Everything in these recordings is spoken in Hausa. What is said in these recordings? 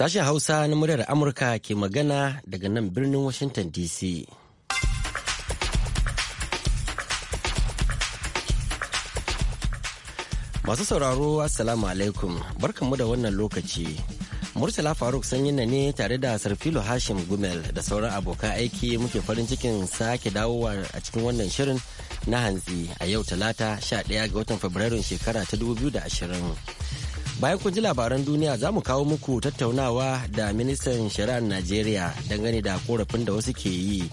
Sashen Hausa na muryar Amurka ke magana daga nan birnin Washington DC. Masu sauraro Assalamu alaikum barkanmu da wannan lokaci. Murtala Faruk na ne tare da Sarfilo Hashim Gumel da sauran abokan aiki muke farin cikin sake dawowa a cikin wannan shirin na hantsi a yau talata 11 ga watan Fabrairun shekara ta 2020. Bayan kun ji labaran duniya za mu kawo muku tattaunawa da ministan shari'ar Najeriya dangane da korafin da wasu ke yi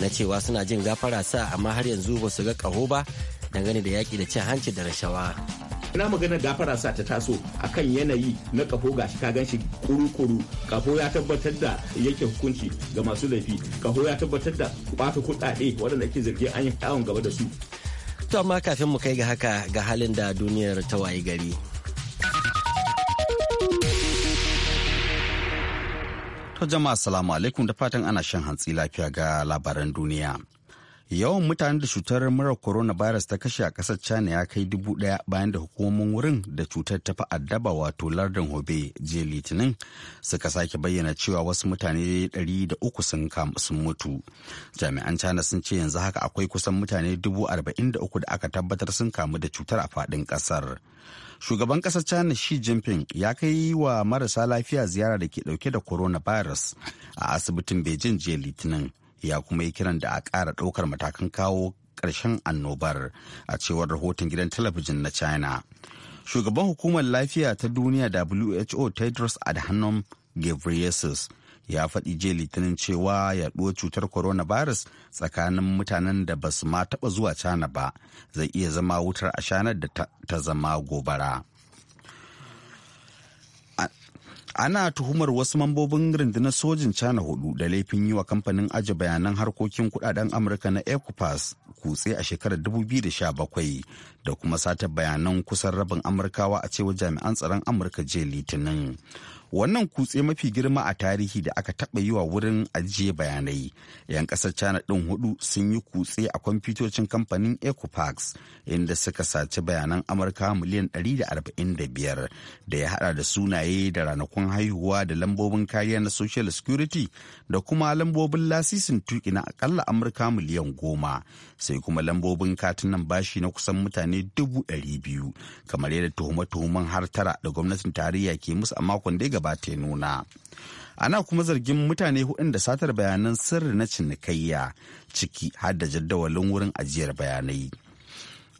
na cewa suna jin gafara sa amma har yanzu ba su ga kaho ba dangane da yaƙi da cin hanci da rashawa. na magana gafara sa ta taso akan yanayi na kafo gashi ka gan shi kuru-kuru kafo ya tabbatar da yake hukunci ga masu laifi kafo ya tabbatar da ɓata kudade waɗanda ake zargi an yi gaba da su. To amma kafin mu kai ga haka ga halin da duniyar ta wayi gari. To jama'a salamu alaikum da fatan ana shan hantsi lafiya ga labaran duniya. Yawan mutane da cutar murar coronavirus ta kashe a kasar China ya kai dubu ɗaya bayan da hukumomin wurin da cutar ta fi addaba wato lardin Hobe jiya Litinin suka sake bayyana cewa wasu mutane ɗari da uku sun sun mutu. Jami'an China sun ce yanzu haka akwai kusan mutane dubu arba'in da uku da aka tabbatar sun kamu da cutar a faɗin ƙasar. shugaban ƙasar china xi jinping ya kai wa marasa lafiya ziyara da ke dauke da coronavirus a asibitin beijing jiya litinin ya kuma yi kiran da a ƙara ɗaukar matakan kawo ƙarshen annobar a cewar rahoton gidan talabijin na china shugaban hukumar lafiya ta duniya who tedros adhanom ghebreyesus ya faɗi jiya litinin cewa yaɗuwar cutar coronavirus tsakanin mutanen da ba su ma taɓa zuwa cana ba zai iya zama wutar a ashanar da ta zama gobara. ana tuhumar wasu mambobin rundunar sojin china hudu da laifin yi wa kamfanin aji bayanan harkokin kudaden amurka na ecopass kutse a shekarar 2017 da kuma sata bayanan kusan rabin amurkawa a cewar jami'an tsaron amurka jiya litinin wannan kutse mafi girma a tarihi da aka taɓa yi wa wurin ajiye bayanai yan ƙasar china ɗin hudu sun yi kutse a kwamfutocin kamfanin ecofax inda suka saci bayanan amurka miliyan 145 da ya hada da sunaye da ranakun haihuwa da lambobin kariya na social security da kuma lambobin lasisin tuki na akalla amurka miliyan goma sai kuma lambobin katunan bashi na kusan mutane dubu ɗari biyu kamar yadda tuhume-tuhumen har tara da gwamnatin tarayya ke musu a makon da gabata ya nuna ana kuma zargin mutane hudun da satar bayanan sirri na cinikayya ciki har da jaddawalin wurin ajiyar bayanai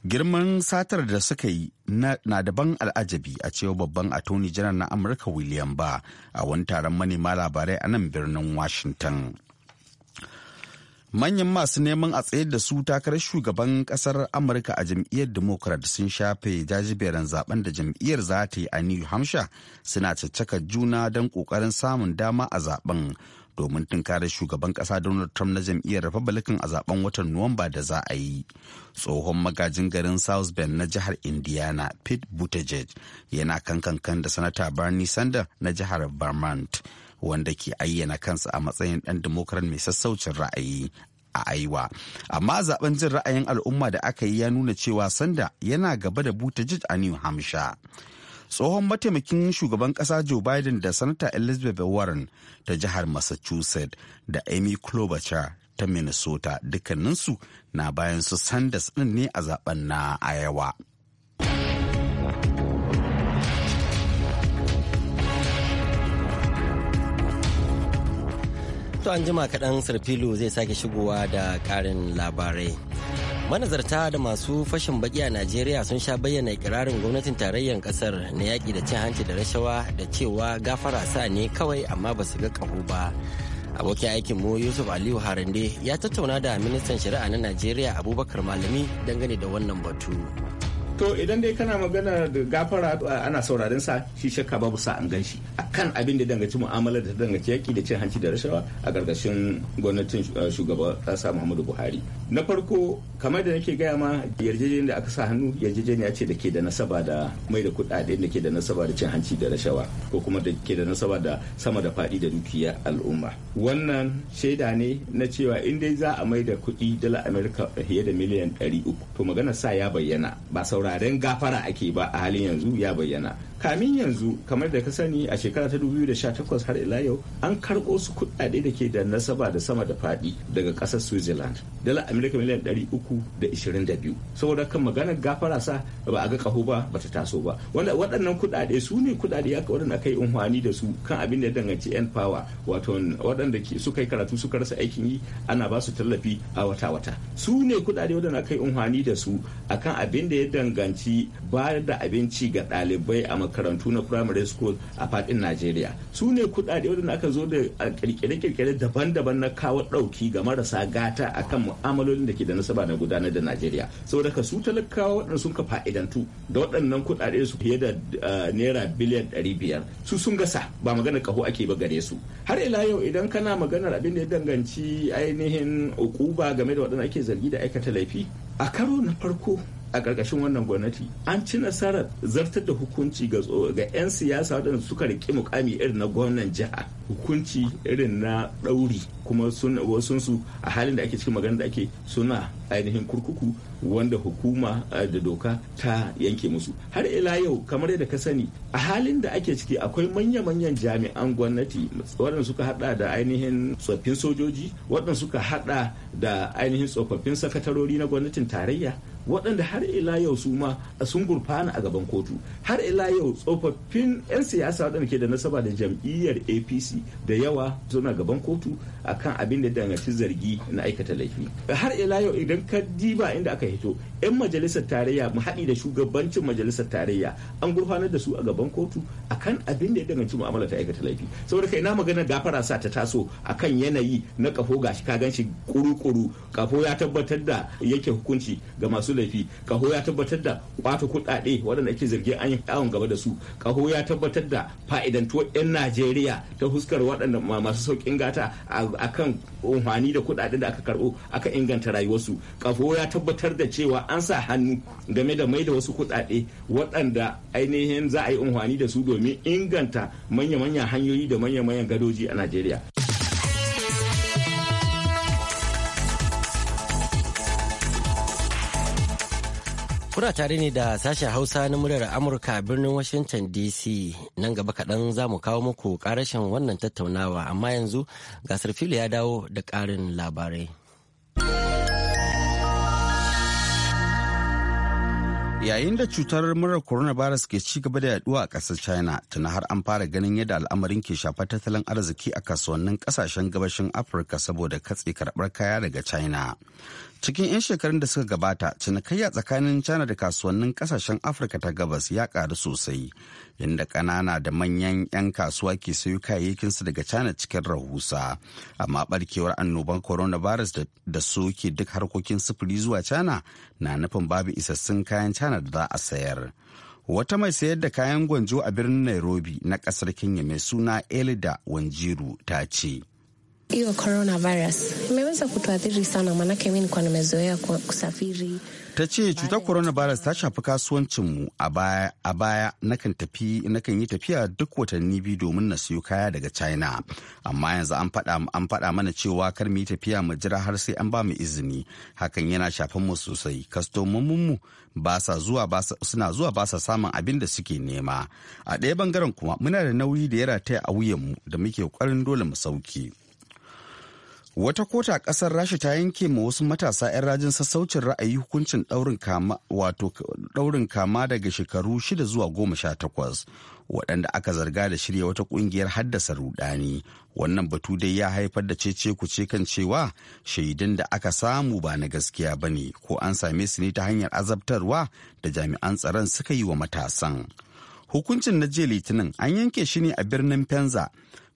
girman satar da suka yi na daban al'ajabi a cewa babban atoni janar na amurka william ba a wani taron manema labarai a nan birnin washington manyan masu neman a tsayar da su takarar shugaban kasar amurka a jam'iyyar democrat sun shafe jajiberin zaben da jam'iyyar za ta yi a new hampshire suna caccaka juna don kokarin samun dama a zaben domin tunkarar shugaban kasa donald trump na jam'iyyar republican a zaben watan nuwamba da za a yi tsohon magajin garin south bend na jihar indiana pete buttigieg yana kankan da sanata bernie sanders na jihar vermont wanda ke ayyana kansa a matsayin ɗan demokrat mai sassaucin ra'ayi a aiwa amma zaben jin ra'ayin al'umma da aka yi ya nuna cewa sanda yana gaba da buttigieg a new hampshire tsohon mataimakin shugaban kasa joe biden da sanata elizabeth warren ta jihar massachusetts da amy klobuchar ta minnesota dukkaninsu na bayan su sanders ɗin ne a zaben na ayawa. To an jima kaɗan Sarfilu zai sake shigowa da ƙarin labarai. Manazarta da masu fashin baki a Najeriya sun sha bayyana ikirarin gwamnatin tarayyar ƙasar na yaƙi da cin hanci da rashawa da cewa gafara sa ne kawai amma ba su ga ƙaho ba. abokin aikin mu yusuf aliyu harande ya tattauna da ministan shari'a na najeriya abubakar malami dangane da wannan batu to idan dai kana magana da gafara ana sauraren sa shi shakka babu sa an ganshi. a akan abin da dangaci mu'amalar da dangaci yaki da cin hanci da rashawa a gargashin gwamnatin uh, shugaban kasa uh, Muhammadu Buhari na farko kamar da nake gaya ma yarjejeniyar da aka sa hannu yarjejeniya ce da ke da nasaba da mai da kuɗaɗe da ke da nasaba da cin hanci da rashawa ko kuma da ke da nasaba da sama da faɗi da dukiya al'umma wannan shaida ne na cewa in dai za a mai da kuɗi dala Amerika fiye da miliyan 300 to magana sa ya bayyana ba saura ba gafara ake ba a halin yanzu ya bayyana kamin yanzu kamar da ka sani a shekara ta 2018 har ila yau an karɓo su kuɗaɗe da ke da nasaba da sama da faɗi daga ƙasar switzerland dala amerika miliyan 322 saboda kan maganar gafara sa ba a ga ƙaho ba ba ta taso ba wanda waɗannan kuɗaɗe su ne kuɗaɗe ya waɗanda aka yi unhwani da su kan abin da ya danganci yan fawa wato waɗanda suka yi karatu suka rasa aikin yi ana ba su tallafi a wata-wata su ne kuɗaɗe waɗanda aka yi unhwani da su akan abin da ya danganci bayar da abinci ga ɗalibai a makarantu na primary school a faɗin najeriya su ne kuɗaɗe wadanda aka zo da ƙirƙire ƙirƙire daban-daban na kawo ɗauki ga marasa gata a kan mu'amalolin da ke da nasaba na gudanar da najeriya saboda ka su talakawa waɗanda sun ka fa'idantu da waɗannan kuɗaɗe su fiye da eh, naira biliyan ɗari biyar su sun gasa ba magana kaho ake ba gare su har ila yau idan kana maganar abin da ya danganci ainihin ukuba game da waɗanda ake zargi da aikata laifi a karo na farko a ƙarƙashin wannan gwamnati an ci nasarar zartar da hukunci ga 'yan siyasa waɗanda suka riƙe mukami irin na gwamnan jiha hukunci irin na ɗauri kuma wasu su a halin da ake cikin magana da ake suna ainihin kurkuku wanda hukuma da doka ta yanke musu har ila yau kamar yadda ka sani a halin da ake ciki akwai manya-manyan jami'an gwamnati waɗanda suka hada da ainihin tsoffin sojoji waɗanda suka hada da ainihin tsofaffin sakatarori na gwamnatin tarayya waɗanda har ila yau su ma sun gurfana a gaban kotu har ila yau tsofaffin 'yan siyasa waɗanda ke da nasaba da jam'iyyar apc da yawa suna gaban kotu akan abin da danganci zargi na aikata laifi har ila yau idan ka diba inda aka hito 'yan majalisar tarayya mu haɗi da shugabancin majalisar tarayya an gurfanar da su a gaban kotu akan abin da ya danganci mu'amala ta aikata laifi saboda kai na magana gafara sa ta taso akan yanayi na kafo gashi ka gan shi kuru-kuru kafo ya tabbatar da yake hukunci ga masu laifi kaho ya tabbatar da kwato kuɗaɗe waɗanda ake zargin an yi awon gaba da su kaho ya tabbatar da fa'idantuwar 'yan najeriya ta huskar waɗanda masu sauƙin gata kan umarni da kuɗaɗen da aka karɓo aka inganta rayuwarsu kaho ya tabbatar da cewa an sa hannu game da mai da wasu kuɗaɗe waɗanda ainihin za a yi umarni da su domin inganta manya-manyan hanyoyi da manya-manyan gadoji a najeriya Kuna tare ne da sashen Hausa na muryar Amurka birnin Washington DC nan gaba kaɗan za mu kawo muku ƙarashin wannan tattaunawa amma yanzu gasar fili ya dawo da ƙarin labarai. Yayin da cutar murar coronavirus ke ci gaba da yaduwa a kasar China, tana har an fara ganin yadda al'amarin ke shafar tattalin arziki a kasuwannin kasashen gabashin Afirka saboda katse karɓar kaya daga China. cikin 'yan shekarun da suka gabata cinikayya tsakanin china da kasuwannin kasashen afirka ta gabas ya karu sosai inda kanana da manyan 'yan kasuwa ke sayo kayayyakinsu daga china cikin rahusa amma barkewar annoban coronavirus da soke duk harkokin sufuri zuwa china na nufin babu isassun kayan china da za a sayar wata mai sayar da kayan gwanjo a birnin nairobi na kasar kenya mai suna elida wanjiru ta ce hiyo coronavirus imeweza kutuathiri sana, maanake mi nikuwa nimezoea kusafiri. Ta ce cutar coronavirus ta shafi kasuwancinmu a baya a baya nakan tafi nakan yi tafiya duk watanni biyu domin na siyo kaya daga China amma yanzu an faɗa mana cewa kar mu yi tafiya mu jira har sai an ba mu izini hakan yana shafan mu sosai kastomomin mu ba sa zuwa ba suna zuwa ba sa samun abin da suke nema a ɗaya bangaren kuma muna da nauyi da ya rataya a wuyanmu da muke ƙoƙarin dole mu sauke. wata kota a ƙasar rasha ta yanke ma wasu matasa 'yan rajin sassaucin ra'ayi hukuncin ɗaurin kama daga shekaru shida zuwa goma sha takwas waɗanda aka zarga da shirya wata ƙungiyar haddasa rudani wannan batu dai ya haifar da cece ku ce kan cewa shaidun da aka samu ba na gaskiya ba ne ko an same su ne ta hanyar azabtarwa da jami'an tsaron suka yi wa matasan hukuncin na jiya litinin an yanke shi ne a birnin penza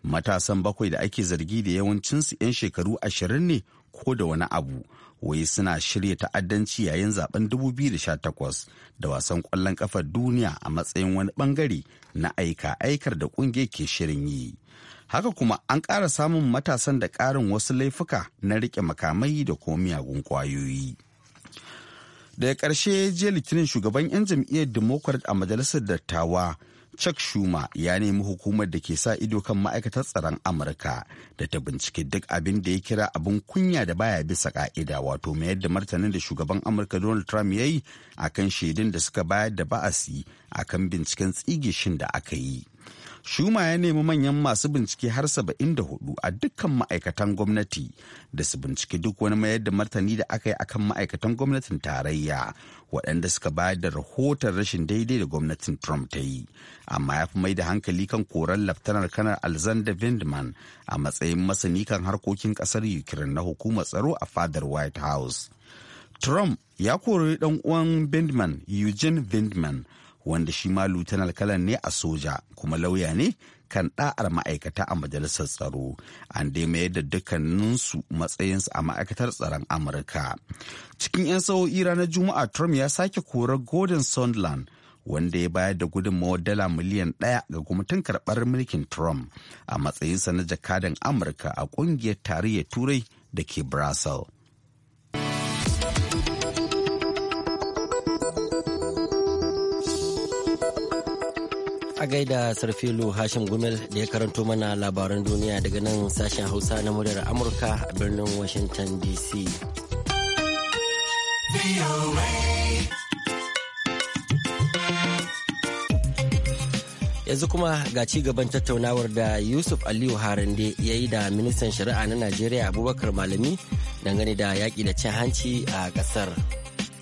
matasan bakwai da ake zargi da yawancinsu 'yan shekaru ashirin ne ko da wani abu wai suna shirya ta'addanci yayin zaben 2018 da wasan kwallon kafar duniya a matsayin wani bangare na aika-aikar da kungiyar ke shirin yi haka kuma an ƙara samun matasan da ƙarin wasu laifuka na riƙe makamai da kuma miyagun kwayoyi daga ƙarshe jiya litinin shugaban 'yan jam'iyyar democrat a majalisar dattawa Chuck Schumer ya nemi hukumar da ke sa ido kan ma'aikatar tsaron Amurka da ta bincike duk abin da ya kira abin kunya da baya bisa ka'ida wato mayar da martanin da shugaban Amurka Donald Trump ya yi a kan shaidun da suka bayar da ba'asi a kan binciken tsigishin da aka yi. Shuma ya nemi manyan masu bincike har 74 a dukkan ma'aikatan gwamnati da su bincike duk wani mayar da martani da aka yi akan ma'aikatan gwamnatin tarayya waɗanda suka bayar da rahoton rashin daidai da gwamnatin Trump ta yi. Amma ya fi mai da hankali kan koran Laftanar Kanar Alexander Vindman a matsayin masani kan harkokin ƙasar Ukraine na hukumar tsaro a fadar White House. Trump ya kori ɗan uwan Vindman, Eugene Vindman, wanda shi ma lieutenant kalan ne a soja kuma lauya ne kan ɗa'ar ma'aikata a majalisar tsaro an dai mayar da dukkaninsu matsayinsu a ma'aikatar tsaron amurka cikin 'yan sa'o'i ranar juma'a trump ya sake korar gordon sondland wanda ya bayar da gudunmawar dala miliyan ɗaya ga gwamnatin karɓar mulkin trump a matsayinsa na jakadan amurka a kungiyar tarayyar turai da ke brasil A gaida Sarfilu Hashim Gumel da ya karanto mana labaran duniya daga nan sashen Hausa na muryar Amurka a birnin Washington DC. yanzu kuma ga ci gaban tattaunawar da yusuf aliyu harande ya yi da ministan shari'a na najeriya abubakar malami dangane da yaƙi da cin hanci a ƙasar.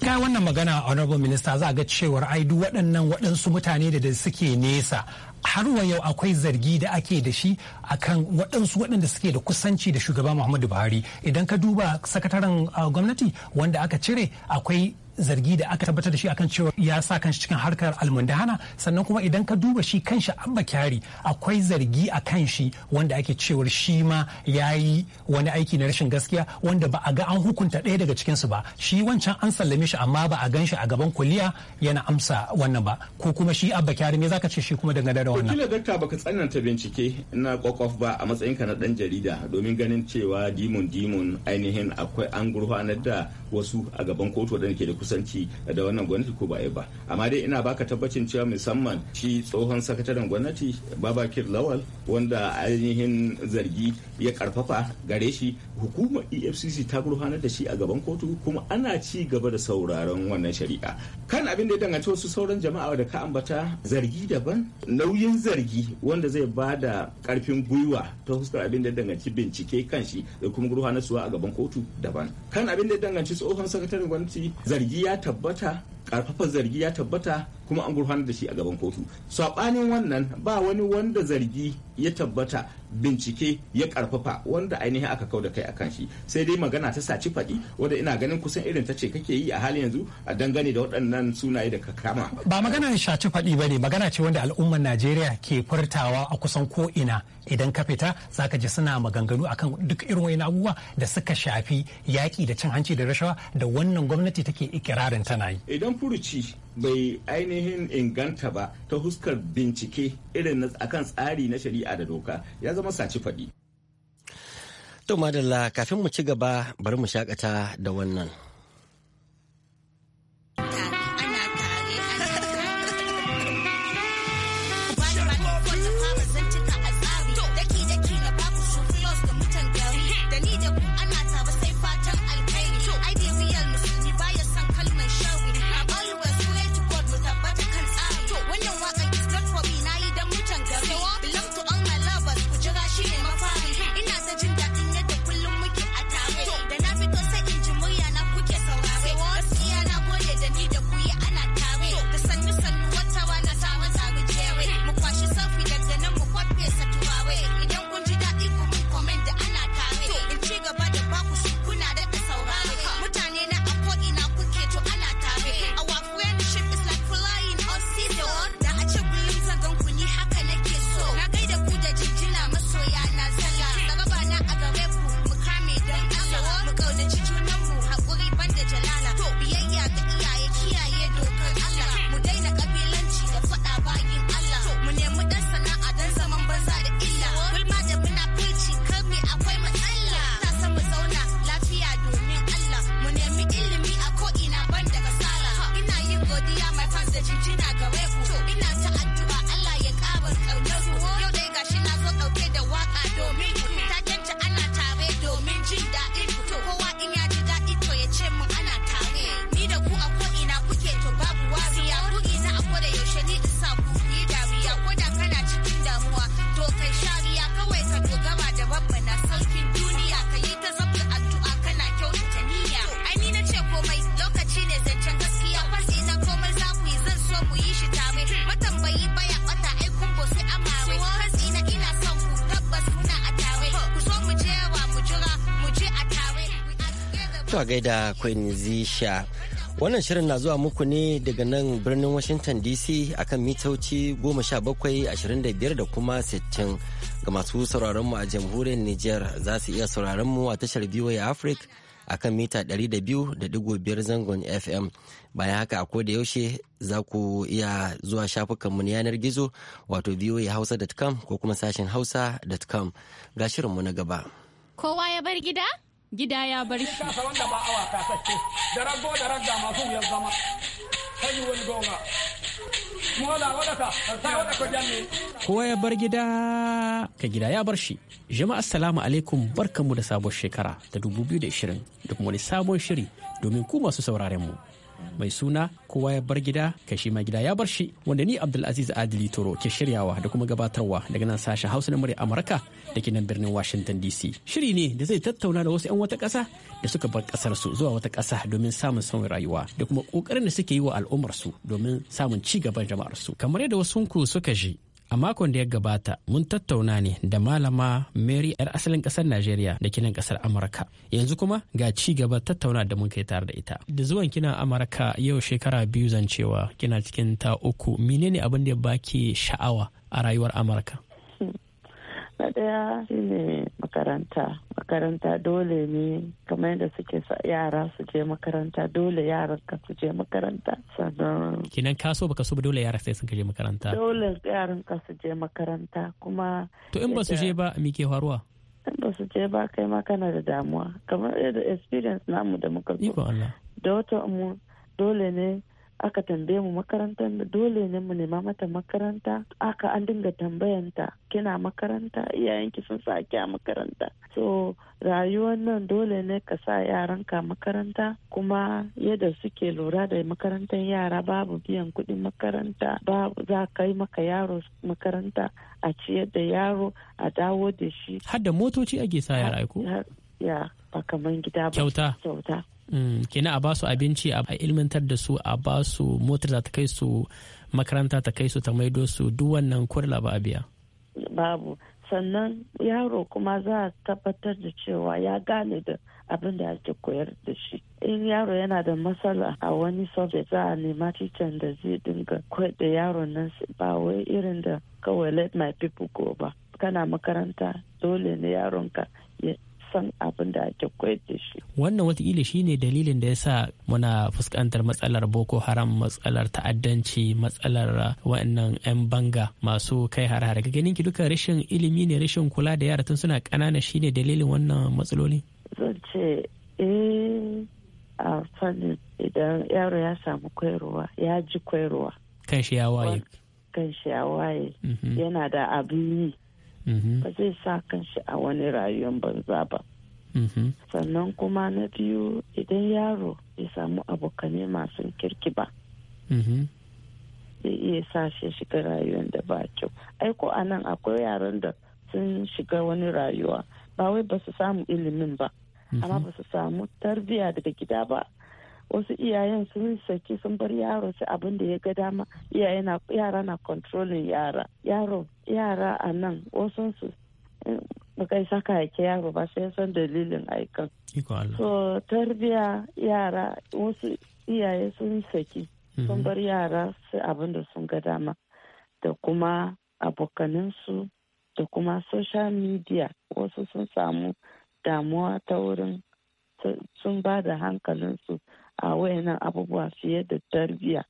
kai wannan magana honorable minister za a ga cewar ai duk waɗannan waɗansu mutane da suke nesa har wa yau akwai zargi da ake da shi akan waɗansu waɗanda suke da kusanci da shugaba muhammadu buhari idan ka duba sakataren ah, gwamnati wanda aka cire akwai zargi da aka tabbatar da shi akan cewa ya sa kanshi cikin harkar almundahana sannan kuma idan ka duba shi kanshi abba kyari akwai zargi a kan shi wanda ake cewar shi ma ya yi wani aiki na rashin gaskiya wanda ba a ga an hukunta ɗaya daga cikinsu ba shi wancan an sallame shi amma ba a gan shi a gaban kuliya yana amsa wannan ba ko kuma shi abba kyari me zaka ce shi kuma dangane da wannan kila dakta baka tsananta bincike na kwakwaf ba a matsayinka na dan jarida domin ganin cewa dimon dimon ainihin akwai an gurfanar da wasu a gaban kotu da ke da kusanci da wannan gwamnati ko ba a yi ba amma dai ina baka tabbacin cewa musamman shi tsohon sakataren gwamnati babakir lawal wanda ainihin zargi ya karfafa gare shi hukumar efcc ta gurfanar da shi a gaban kotu kuma ana ci gaba da sauraron wannan shari'a kan abin da ya danganci wasu sauran jama'a da ka ambata zargi daban nauyin zargi wanda zai ba da karfin gwiwa ta fuskar abin da ya danganci bincike kan shi da kuma a gaban kotu daban kan abin da ya danganci tsohon sakataren gwamnati zargi zargi ya tabbata karfafa zargi ya tabbata kuma an gurfanar da shi a gaban kotu saɓanin wannan ba wani wanda zargi ya tabbata bincike ya karfafa wanda ainihin aka kau da kai akan shi sai dai magana ta saci faɗi wanda ina ganin kusan irin ta ce kake yi a halin yanzu a dangane da waɗannan sunaye da ka kama ba magana shaci faɗi ba ne magana ce wanda al'ummar najeriya ke furtawa a kusan ko ina idan ka fita zaka ji suna maganganu akan duk irin wani abubuwa da suka shafi yaƙi da cin hanci da rashawa da wannan gwamnati take ikirarin tana yi wannan furuci bai ainihin inganta ba ta huskar bincike irin akan tsari na shari'a da doka ya zama saci faɗi. To madalla kafin mu ci gaba bari mu shakata da wannan. a gaida Queen Zisha. Wannan shirin na zuwa muku ne daga nan birnin Washington DC akan mitoci 1725 da kuma 60 ga masu sauraron mu a jamhuriyar Nijar za su iya sauraron mu a tashar VOA Africa akan mita 200.5 zangon FM. Bayan haka a koda yaushe za ku iya zuwa shafukanmu na yanar gizo wato voahausa.com ko kuma sashen hausa.com ga shirinmu na gaba. Kowa ya bar gida? gida ya bar shi kasa wanda ba awa kasacce da rago da ragga masu wuyar zama sai wani gonga Kowa ya bar gida ka gida ya bar shi. Jama'a assalamu alaikum barkanmu da sabon shekara ta 2020 da kuma wani sabon shiri domin ku masu sauraren mu. mai suna kowa ya bar gida ka shi gida ya bar shi wanda ni Abdulaziz Adili Toro ke shiryawa da kuma gabatarwa daga nan sashen Hausa na murya Amurka da ke nan birnin Washington DC. Shiri ne da zai tattauna da wasu 'yan wata ƙasa da suka bar ƙasar su zuwa wata ƙasa domin samun sauyin rayuwa da kuma ƙoƙarin da suke yi wa al'ummar su domin samun ci gaban jama'ar su. Kamar yadda wasunku suka ji A makon da ya gabata mun tattauna ne da malama Mary 'yar asalin kasar Najeriya da kinan kasar Amurka. Yanzu kuma ga ci gaba tattauna da mun kai tare da ita. Da zuwan kina Amurka yau shekara biyu zancewa kina cikin ta uku menene abin da ya baki sha'awa a rayuwar Amurka? na daya shine makaranta makaranta dole ne kamar yadda suke sa yara su je makaranta dole yaran ka su je makaranta sannan kinan ka so baka so ba dole yara sai sun je makaranta dole yaran ka su je makaranta kuma to in ba su je ba me ke faruwa in ba su je ba kai ma kana da damuwa kamar yadda experience namu da muka zo da wata mu dole ne aka tambaye mu makaranta dole ne mu nema mata makaranta aka an dinga tambayanta kina makaranta iyayenki sun sa a makaranta so rayuwar nan dole ne ka sa yaranka makaranta kuma yadda suke lura da makarantar yara babu biyan kuɗin makaranta babu za ka yi maka yaro makaranta a ciyar da yaro a dawo da shi har motoci ake sa yara ko ya ba kamar gida ba kyauta kyauta Mm, kina a basu abinci a ilmantar da su a basu motar za ta kai su makaranta ta kai su ta maido su duk wannan kurla ba a biya babu sannan yaro kuma za a tabbatar da cewa ya gane da abin da ake koyar da shi in yaro yana da matsala a wani sobe za a nema titan da zai dinga koyar da yaron nan ba wai irin da kawai let my people go ba kana makaranta dole ne yaronka san abin da ake koyar da shi. Wannan wataƙila shi ne dalilin da ya sa muna fuskantar matsalar Boko Haram, matsalar ta'addanci, matsalar wa'annan 'yan banga masu kai har-har. ganin ki duka rashin ilimi ne rashin kula da yara tun suna ƙanana shi ne dalilin wannan matsaloli? Zan ce, eh, a fannin idan yaro ya samu koyarwa, ya ji koyarwa. Kan shi ya waye. Kan shi ya waye. Mhm. Yana da abin yi. Mm-hmm. ba zai sa kanshi a wani rayuwar banza ba mm-hmm. sannan kuma na biyu idan yaro ya samu abokanai masu kirki ba mm-hmm. zai iya sa shi shiga rayuwar da ba kyau aiko a nan akwai yaran da sun shiga wani rayuwa ba wai ba su samu ilimin ba amma ba su samu tarbiyya daga gida ba wasu iyayen sun saki sun bar yaro sai abin da ya ga dama iyaye na yara na controlling yara yaro yara a nan wasu su eh, baka isa ka haike yaro ba sai san dalilin aikan so tarbiya yara wasu iyaye sun saki sun mhm. bar yara sai abin da sun ga dama da kuma abokaninsu da kuma social media wasu sun samu damuwa ta wurin sun ba da hankalinsu a wayannan abubuwa fiye da tarbiyya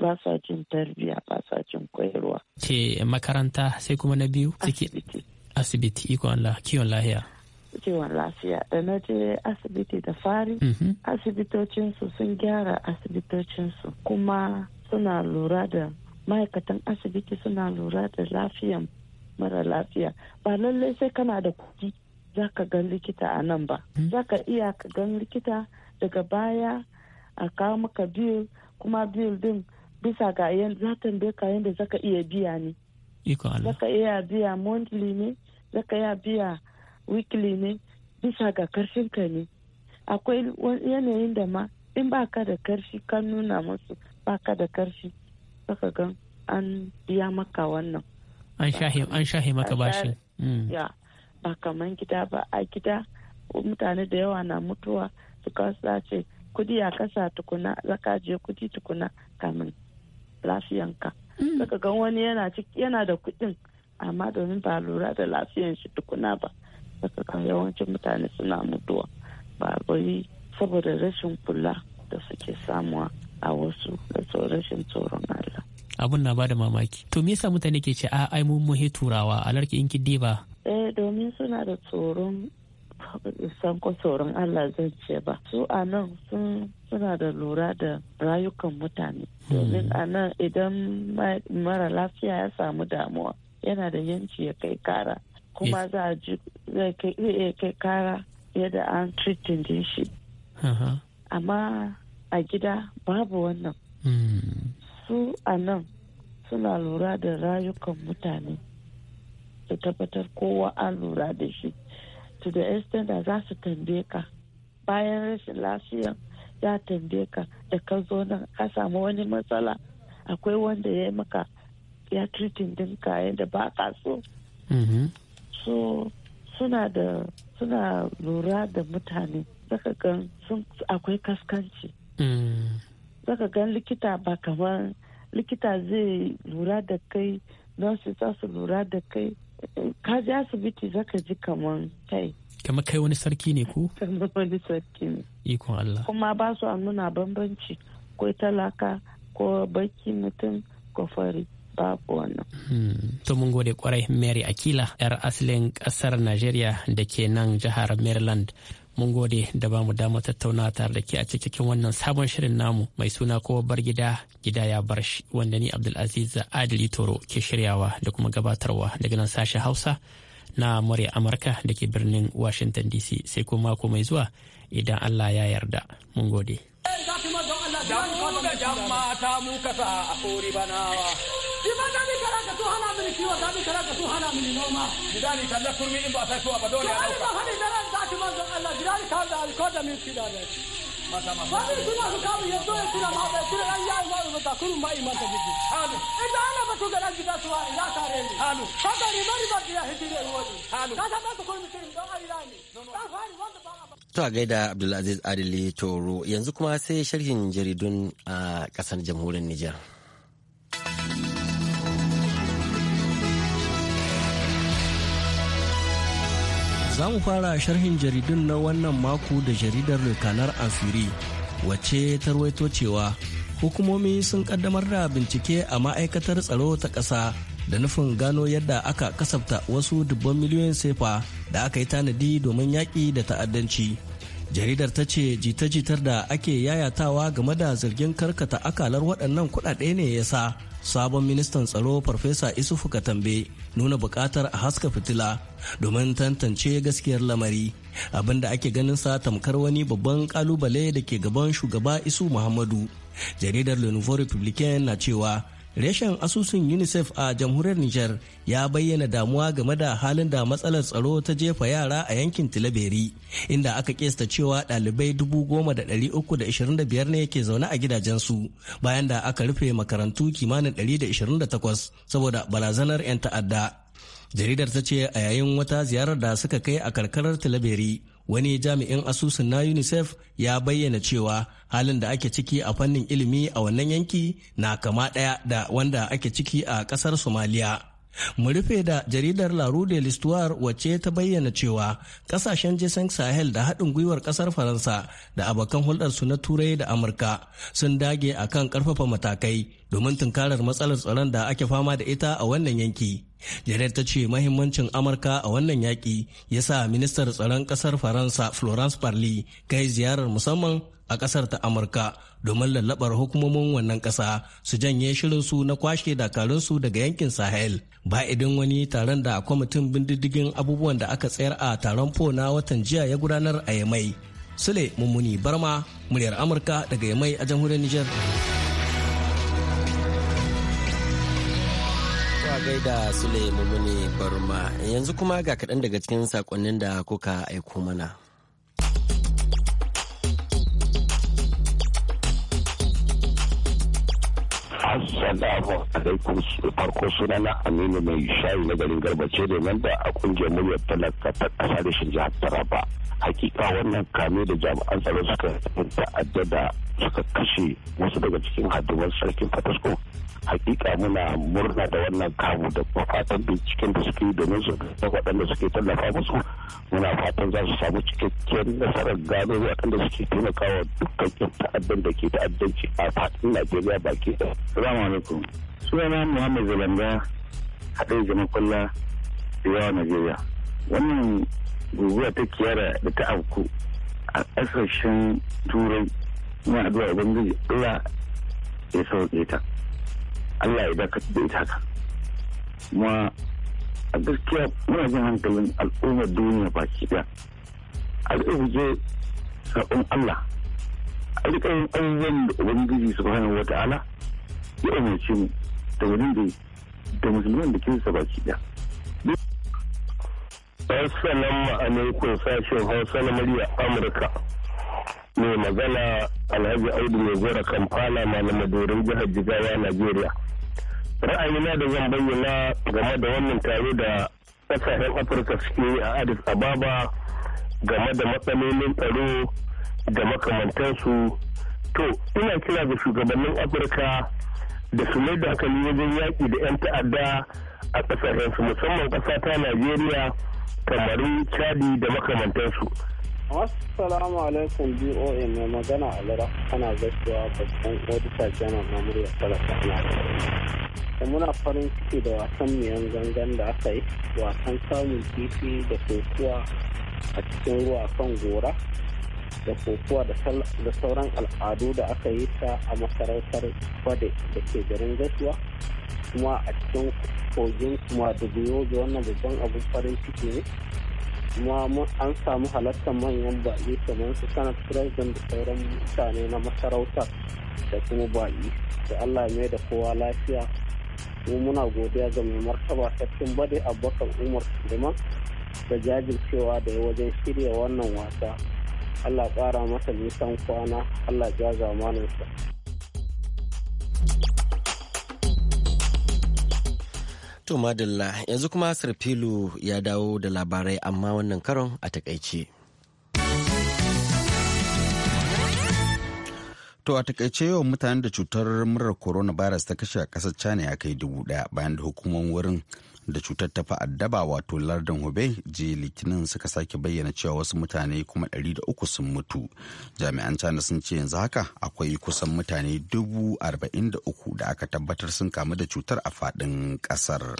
ba sa jin tarbiyya ba sa jin koyarwa. Ke makaranta sai kuma na biyu? Asibiti. Asibiti ikon kiwon lahiya. Kiwon lafiya da na je asibiti da fari. Mhm. Asibitocinsu sun gyara asibitocinsu kuma suna lura da ma'aikatan asibiti suna lura da lafiyan mara lafiya ba lallai sai kana da kuɗi za ka gan likita a nan ba. Mhm. Za ka iya ka gan likita daga baya a kawo maka bill kuma bill din bisa ga za ta ka yadda zaka iya biya ne zaka iya biya monthly ne zaka iya biya weekly ne bisa ga karfin ka ne akwai yanayin da ma in ba ka da karfi ka nuna musu ba ka da karfi saka gan an biya maka wannan an shahe maka bashi mm. ya ba kaman gida ba a gida mutane da yawa na mutuwa su ce kudi a kasa tukuna zaka je kudi tukuna kamin lafiyanka daga mm. gan wani yana yana da kudin amma domin ba lura da lafiyan shi tukuna ba daga kan yawancin mutane suna mutuwa ba bari saboda rashin kula da suke samuwa a wasu da rashin tsoron Allah abun na bada mamaki to me yasa mutane ke ce a ai mun mu turawa alarki in ba eh domin suna da tsoron sankon saurin Allah zai ce ba su a nan sun suna da lura da rayukan mutane hmm. domin a nan idan mara lafiya ya samu damuwa yana da yanci ya kai kara kuma za a ji kai kara yadda an tritin din shi uh-huh. amma a gida babu wannan hmm. su a nan suna lura da rayukan mutane da tabbatar kowa an lura da shi to the extent da za su tambaye ka bayan rashin lafiya ya tambaye ka da ka zo na ka samu wani matsala akwai wanda ya yi maka ya tritin dinka yadda ba ka so so suna da suna lura da mutane zaka gan akwai kaskanci zaka gan likita ba kamar likita zai lura da kai nurses za su lura da kai ka ji asibiti ka ji kamar kai kamar kai wani sarki ne ku. kamar wani sarki ne ikon Allah kuma ba su a nuna bambanci ko talaka ko baki mutum ko fari babu wannan. Hmm. To mun gode kwarai Mary Akila, 'yar asalin ƙasar Najeriya da ke nan jihar Maryland. mun gode da ba mu damar tattauna tare da ke a cikin wannan sabon shirin namu mai suna kowa bar gida gida ya bar shi wanda ni abdulaziz adili toro ke shiryawa da kuma gabatarwa daga nan sashen hausa na murya amurka da ke birnin washington dc sai kuma mako mai zuwa idan allah ya yarda mun gode. banawa. Ima da bi kara ka so hana mini kiwo ta bi kara ka so hana mini noma. Gidani talla kurmi in ba sai so ba dole ya dauka. Ba hadi da ran zaki manzon Allah gidani ta da alkoda min kida da. Mata mata. Wani kuma su kawo ya zo ya kira ma ba kira ran ya wa ba ta kurun ma iman ta biki. Halu. Inda Allah ba to da ran gida suwa ya kare ni. Halu. Ka ga riba riba ya hidire wani. Halu. Ka san ka kurmi kirin don Allah ne. Ka fari wanda ba To gaida Abdulaziz Adili Toro yanzu kuma sai sharhin jaridun a kasar jamhuriyar Nijar. Za mu fara sharhin jaridun na wannan mako da jaridar Lukanar Amfiri, wacce ta ruwaito cewa hukumomi sun kaddamar da bincike a ma'aikatar tsaro ta ƙasa da nufin gano yadda aka kasafta wasu dubban miliyoyin sefa da aka yi tanadi domin yaƙi da ta'addanci. Jaridar ta ce jita-jitar da ake yayatawa game da zargin karkata akalar waɗannan kuɗaɗe ne ya sa sabon ministan tsaro farfesa isufu katambe nuna buƙatar a haska fitila domin tantance gaskiyar lamari abinda ake ganin sa tamkar wani babban kalubale da ke gaban shugaba isu muhammadu jaridar le republican na cewa reshen asusun unicef a jamhuriyar niger ya bayyana damuwa game da halin da matsalar tsaro ta jefa yara a yankin tilaberi inda aka kesta cewa dalibai 10,325 ne ke zaune a gidajensu bayan da aka rufe makarantu kimanin 128 saboda barazanar 'yan ta'adda jaridar ta ce a yayin wata ziyarar da suka kai a karkarar tilaberi wani jami'in asusun na unicef ya bayyana cewa halin da ake ciki a fannin ilimi a wannan yanki na kama ɗaya da wanda ake ciki a kasar somaliya Mu rufe da jaridar La Rue de l'Histoire wacce ta bayyana cewa kasashen Jason Sahel da haɗin gwiwar ƙasar Faransa da abokan hulɗarsu na Turai da Amurka sun dage a kan ƙarfafa matakai domin tunkarar matsalar tsaron da ake fama da ita a wannan yanki. Jaridar ta ce mahimmancin Amurka a wannan yaƙi ya sa ministar tsaron ƙasar Faransa Florence Parly kai ziyarar musamman a ƙasar ta Amurka domin lallabar hukumomin wannan ƙasa su janye shirinsu na kwashe dakarunsu daga yankin Sahel. Ba idan wani taron da kwamitin bindiddigin abubuwan da aka tsayar a taron po na watan jiya ya gudanar a Yamai. Sule Mummuni Barma, muryar Amurka daga Yamai a jamhuriyar Nijar. gaida Sule Mummuni Barma, yanzu kuma ga kaɗan daga cikin saƙonnin da kuka aiko mana. Assalamu alaikum farko suna na Aminu mai shayi na garin garbace da nan da a kungiyar muryar talaka ta kasa da shi jihar Taraba. Hakika wannan kame da jami'an tsaro suka ta'addada suka kashe wasu daga cikin hadimar sarkin Fatasko hakika muna murna da wannan kamu da fatan binciken da suke yi domin da waɗanda suke tallafa musu muna fatan za su samu cikakken nasarar gano waɗanda suke taimakawa dukkan ta'addan da ke ta'addanci a fatan najeriya baki da salamu alaikum sunana muhammad zalanga haɗe jama'a kwalla yawa najeriya wannan guguwa ta kiyara da ta afku a ƙasashen turai muna addu'a ubangiji allah ya sauke ta Allah ya dakata da ita haka kuma a gaskiya muna jin hankalin al'ummar duniya baki daya a rike sabon Allah a rika yin abubuwan da ubangiji subhanahu ta'ala ya umarci mu da wani da da musulman da kinsa baki daya Assalamu alaikum sashen Hausa na murya Amurka. Mai magana Alhaji Audu mai zora Kampala na lamadorin jihar Jigawa Najeriya. ra'ayina da zan bayyana game da wannan taro da kasashen afirka suke a addis ababa game da matsalolin tsaro da makamantansu to ina kira ga shugabannin afirka da su mai da hankali wajen yaƙi da 'yan ta'adda a ƙasashensu musamman ƙasa ta najeriya kamaru chadi da makamantansu Assalamu alaikum BOA mai magana a lara ana gaskiya babban odita janar na murya talaka na da muna farin ciki da wasan miyan gangan da aka yi wasan samun kifi da kokuwa a cikin ruwa kan gora da kokuwa da sauran al'adu da aka yi ta a masarautar kwade da ke garin gaskiya kuma a cikin kogin kuma da biyo wannan babban abin farin ciki ne kuma an samu halartar manyan baƙi kamar su sanar president da sauran mutane na masarautar da kuma baƙi da allah mai da kowa lafiya mu muna godiya ga mai martaba sarkin bade abokan umar kuma da jajircewa da ya wajen shirya wannan wasa allah ƙara masa nisan kwana allah ja zamaninsa To madalla yanzu kuma Sarfilu ya dawo da labarai amma wannan karon a takaice. To a takaice yawan mutanen da cutar murar coronavirus ta kashe a ƙasar China ya kai dubu ɗaya bayan da hukumomin wurin da cutar ta addaba wato lardin hubei je litinin suka sake bayyana cewa wasu mutane kuma 300 sun mutu jami'an china sun ce yanzu haka akwai kusan mutane uku da aka tabbatar sun kamu da cutar a faɗin ƙasar.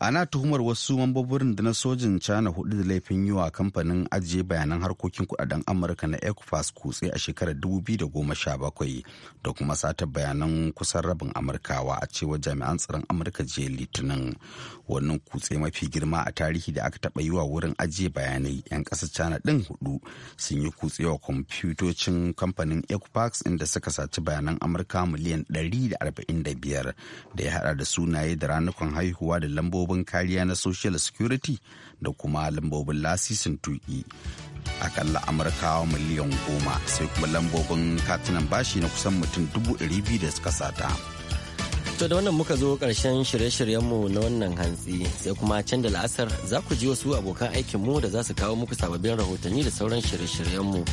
ana tuhumar wasu mambobin da na sojin china hudu da laifin yiwa kamfanin ajiye bayanan harkokin kudaden amurka na ecofas kutse a shekarar 2017 da kuma satar bayanan kusan rabin amurkawa a cewar jami'an tsaron amurka je litinin wannan kutse mafi girma a tarihi da aka taba yi wa wurin ajiye bayanai 'yan kasa china din hudu sun yi kutse wa kwamfutocin kamfanin ecowas inda suka saci bayanan amurka miliyan 145 da ya hada da sunaye da ranakun haihuwa da lambobi lambobin kariya na social security da kuma lambobin lasisin tuki akalla amurkawa miliyan goma sai kuma lambobin katunan bashi na kusan mutum dubu biyu da suka sata to da wannan muka zo karshen shirye-shiryenmu na wannan hantsi sai kuma can da la'asar za ku ji wasu abokan aikinmu da za su kawo muku sababbin rahotanni da sauran shirye-shiryenmu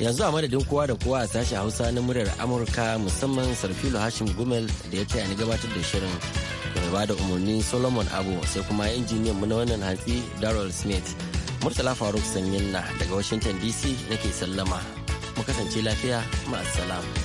yanzu a madadin kowa da kowa a sashen hausa na muryar amurka musamman sarfilo hashim gumel da ya taya ni gabatar da shirin mai ba da umarni solomon abu sai kuma injiniyan mu na wannan hantsi darrell smith murtala faruk sanyin na daga washington dc nake sallama mu kasance lafiya ma'asalamu.